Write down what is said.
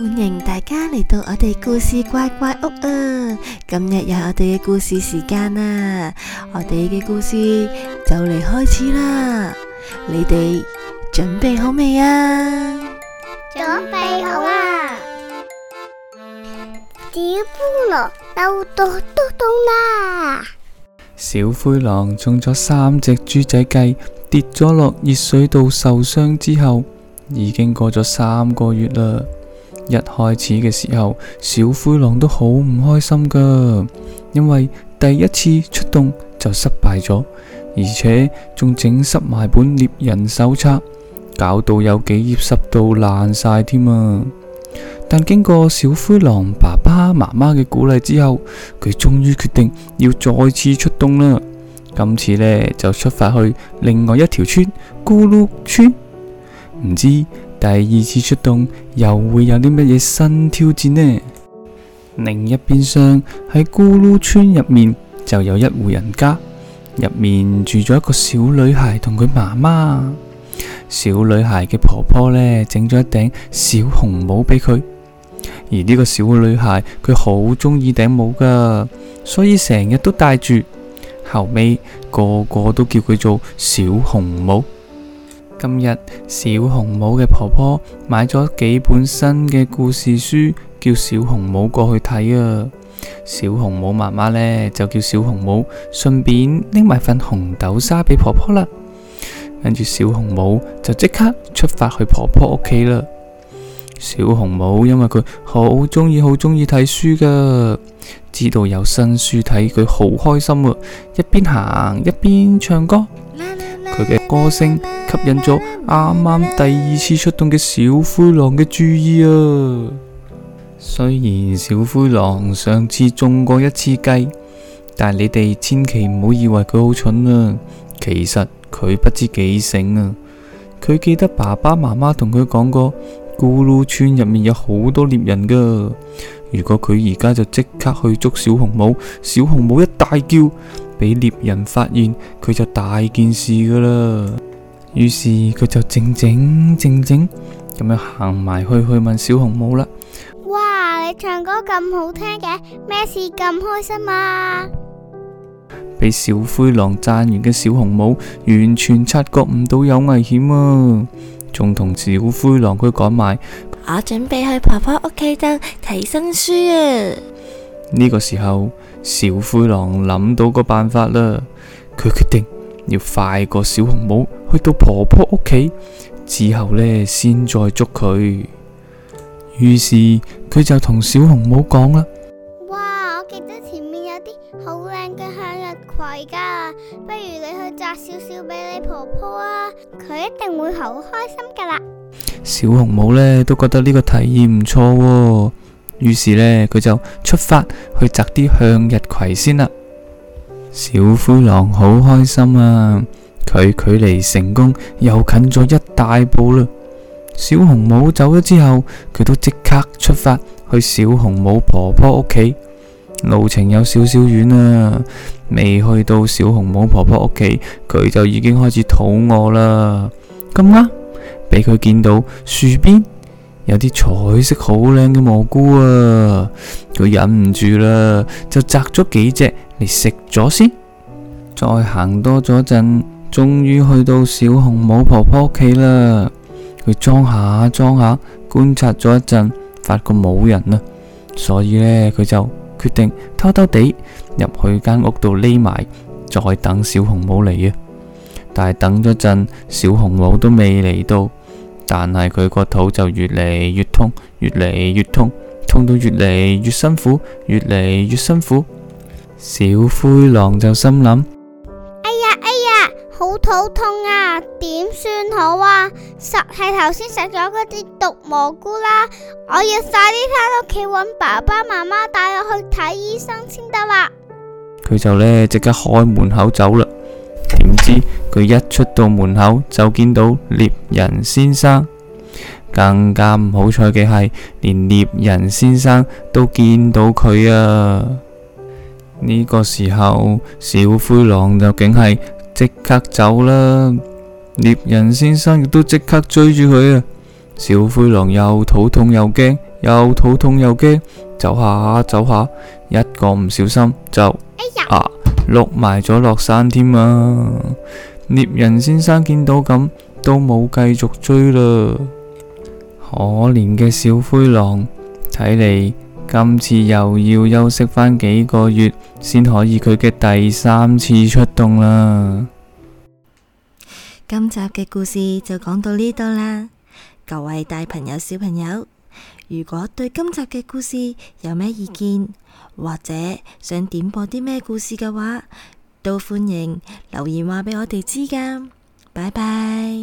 歡迎大家嚟到我哋故事乖乖屋啊！今日有我哋嘅故事時間啦，我哋嘅故事就嚟開始啦。你哋準備好未啊？準備好啦！小灰狼都到都到啦。小灰狼中咗三隻豬仔計，跌咗落熱水道受傷之後，已經過咗三個月啦。一開始嘅時候，小灰狼都好唔開心噶，因為第一次出動就失敗咗，而且仲整濕埋本獵人手冊，搞到有幾頁濕到爛晒添啊！但經過小灰狼爸爸媽媽嘅鼓勵之後，佢終於決定要再次出動啦。今次呢就出發去另外一條村——咕嚕村。唔知？第二次出動又會有啲乜嘢新挑戰呢？另一邊上喺咕嚕村入面就有一戶人家，入面住咗一個小女孩同佢媽媽。小女孩嘅婆婆呢，整咗一頂小紅帽俾佢，而呢個小女孩佢好中意頂帽噶，所以成日都戴住。後尾個個都叫佢做小紅帽。今日小紅帽嘅婆婆買咗幾本新嘅故事書，叫小紅帽過去睇啊。小紅帽媽媽呢，就叫小紅帽順便拎埋份紅豆沙俾婆婆啦。跟住小紅帽就即刻出發去婆婆屋企啦。小紅帽因為佢好鍾意好鍾意睇書噶，知道有新書睇，佢好開心啊！一邊行一邊唱歌。佢嘅歌聲吸引咗啱啱第二次出動嘅小灰狼嘅注意啊！雖然小灰狼上次中過一次計，但你哋千祈唔好以為佢好蠢啊！其實佢不知幾醒啊！佢記得爸爸媽媽同佢講過，咕嚕村入面有好多獵人㗎。如果佢而家就即刻去捉小紅帽，小紅帽一大叫。俾獵人發現佢就大件事噶啦，於是佢就靜靜靜靜咁樣行埋去去問小紅帽啦。哇，你唱歌咁好聽嘅，咩事咁開心啊？俾小灰狼讚完嘅小紅帽完全察覺唔到有危險啊，仲同小灰狼佢講埋。我準備去婆婆屋企度睇新書啊！呢個時候。小灰狼諗到個辦法啦，佢決定要快過小紅帽去到婆婆屋企，之後呢先再捉佢。於是佢就同小紅帽講啦：「哇，我記得前面有啲好靚嘅向日葵噶，不如你去摘少少俾你婆婆啊，佢一定會好開心噶啦。小紅帽呢都覺得呢個提議唔錯喎。於是呢，佢就出發去摘啲向日葵先啦。小灰狼好開心啊，佢距離成功又近咗一大步啦。小紅帽走咗之後，佢都即刻出發去小紅帽婆婆屋企。路程有少少遠啊，未去到小紅帽婆婆屋企，佢就已經開始肚餓啦。咁啱俾佢見到樹邊。有啲彩色好靚嘅蘑菇啊！佢忍唔住啦，就摘咗幾隻嚟食咗先。再行多咗陣，終於去到小紅帽婆婆屋企啦。佢裝下裝下，觀察咗一陣，發覺冇人啦，所以呢，佢就決定偷偷地入去間屋度匿埋，再等小紅帽嚟啊！但係等咗陣，小紅帽都未嚟到。但係佢個肚就越嚟越痛，越嚟越痛，痛到越嚟越辛苦，越嚟越辛苦。小灰狼就心諗：哎呀，哎呀，好肚痛啊，點算好啊？實係頭先食咗嗰啲毒蘑菇啦，我要快啲返屋企搵爸爸媽媽帶我去睇醫生先得啦。佢就呢即刻開門口走啦。點知佢一出到門口就見到獵人先生。更加唔好彩嘅係，連獵人先生都見到佢啊！呢、這個時候，小灰狼就梗係即刻走啦。獵人先生亦都即刻追住佢啊！小灰狼又肚痛又驚，又肚痛又驚，走下走下，一個唔小心就啊碌埋咗落山添啊！獵、啊、人先生見到咁，都冇繼續追啦。可憐嘅小灰狼，睇嚟今次又要休息返幾個月，先可以佢嘅第三次出動啦。今集嘅故事就講到呢度啦，各位大朋友、小朋友，如果對今集嘅故事有咩意見，或者想點播啲咩故事嘅話，都歡迎留言話俾我哋知㗎。拜拜。